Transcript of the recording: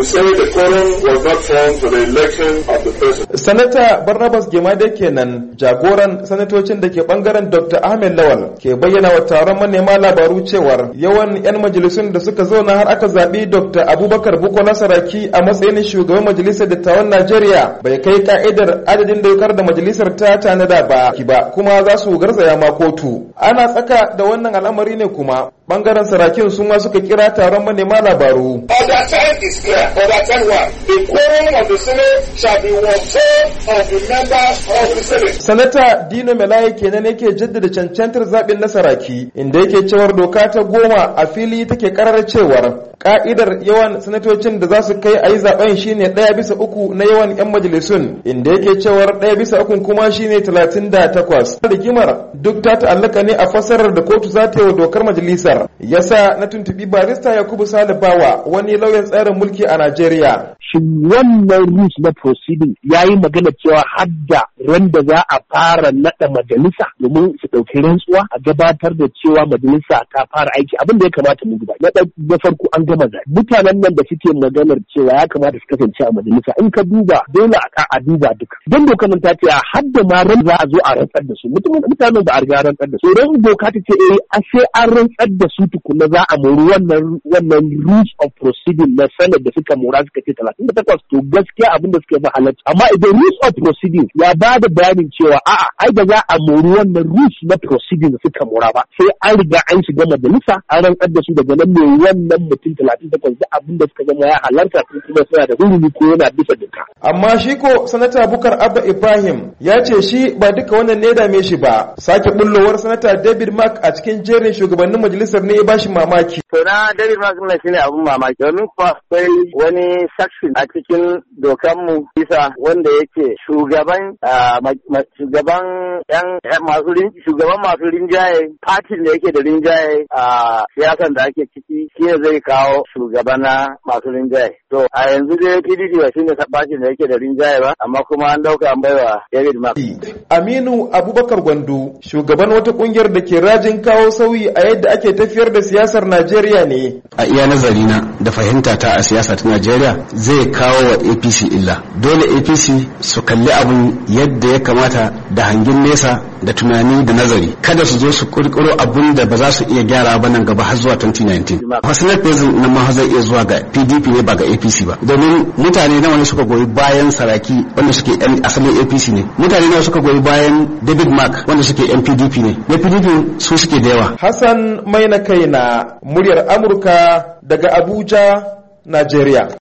We say the quorum was not formed for the election of the president. sanata barnabas gemade kenan jagoran sanatocin da ke bangaren dr ahmed lawal ke bayyana wa taron manema labaru cewar yawan 'yan majalisun da suka zauna har aka zaɓi dr abubakar buko nasaraki a matsayin shugaban majalisar dattawan najeriya bai kai ka'idar adadin daukar da majalisar ta tanada ba ba kuma za su garzaya ma kotu ana tsaka da wannan al'amari ne kuma bangaren sarakin su ma suka kira taron manema labaru. Overtime is clear. Overtime one. The quorum of the Senate shall be one Sanata Dino Melaye kenan yake jaddada cancantar zaɓin nasaraki inda yake cewar doka ta goma a fili take karar cewar ka'idar yawan sanatocin da za su kai a yi zaɓen shine ɗaya bisa uku na yawan 'yan majalisun inda yake cewar ɗaya bisa uku kuma shine talatin da takwas. Rigimar duk ta ta'allaka ne a fasarar da kotu za ta yi wa dokar majalisar yasa na tuntubi barista Yakubu Salibawa wani lauyan tsarin mulki a Najeriya. Shin wannan rules na proceeding yayi magana cewa hadda da za a fara nada majalisa domin su ɗauki rantsuwa a gabatar da cewa majalisa ta fara aiki abin da ya kamata mu duba na farko an gama zaɓe mutanen nan da suke maganar cewa ya kamata su kasance a majalisa in ka duba dole a a duba duka don doka nan ta ce a hadda ma ran za a zo a rantsar da su mutanen ba a riga rantsar da su ran doka ta ce eh a sai an rantsar da su tukuna za a mori wannan wannan rules of proceeding na sanar da suka mora suka ce talatin da takwas to gaskiya abin da suka yi ba halatta amma idan rules of proceedings ya ba da bayanin cewa a'a ai ba za a mori wannan rules na proceedings suka mura ba sai an riga an shiga majalisa an rantsar da su daga nan ne wannan mutum talatin takwas da abin da suka zama ya halarta sun kuma suna da hurumi ko yana bisa doka. amma shi ko sanata bukar abba ibrahim ya ce shi ba duka wannan ne dame shi ba sake bullowar sanata david mark a cikin jerin shugabannin majalisar ne ya bashi mamaki. to na david mark na ne abin mamaki domin kuwa wani section a cikin dokanmu bisa wanda ya yake shugaban shugaban yan masu shugaban masu rinjaye fatin da yake da rinjaye a siyasan da ake ciki shi ne zai kawo shugaban na masu rinjaye to a yanzu dai PDP ba shine fatin da yake da rinjaye ba amma kuma an dauka an baiwa David Mark Aminu Abubakar Gwandu shugaban wata kungiyar da ke rajin kawo sauyi a yadda ake tafiyar da siyasar Najeriya ne a iya nazari na da fahimta ta a siyasa ta Najeriya zai kawo wa APC illa dole APC su kalli abin yadda ya kamata da hangin nesa da tunani da nazari kada su zo su kurkuro abin da ba za su iya gyara ba nan gaba har zuwa 2019 personal president na ma zai iya zuwa ga PDP ne ba ga APC ba domin mutane nawa ne suka goyi bayan saraki wanda suke yan asalin APC ne mutane nawa suka goyi bayan David Mark wanda suke yan PDP ne na PDP su suke da yawa Hassan mai na kai na muryar Amurka daga Abuja Najeriya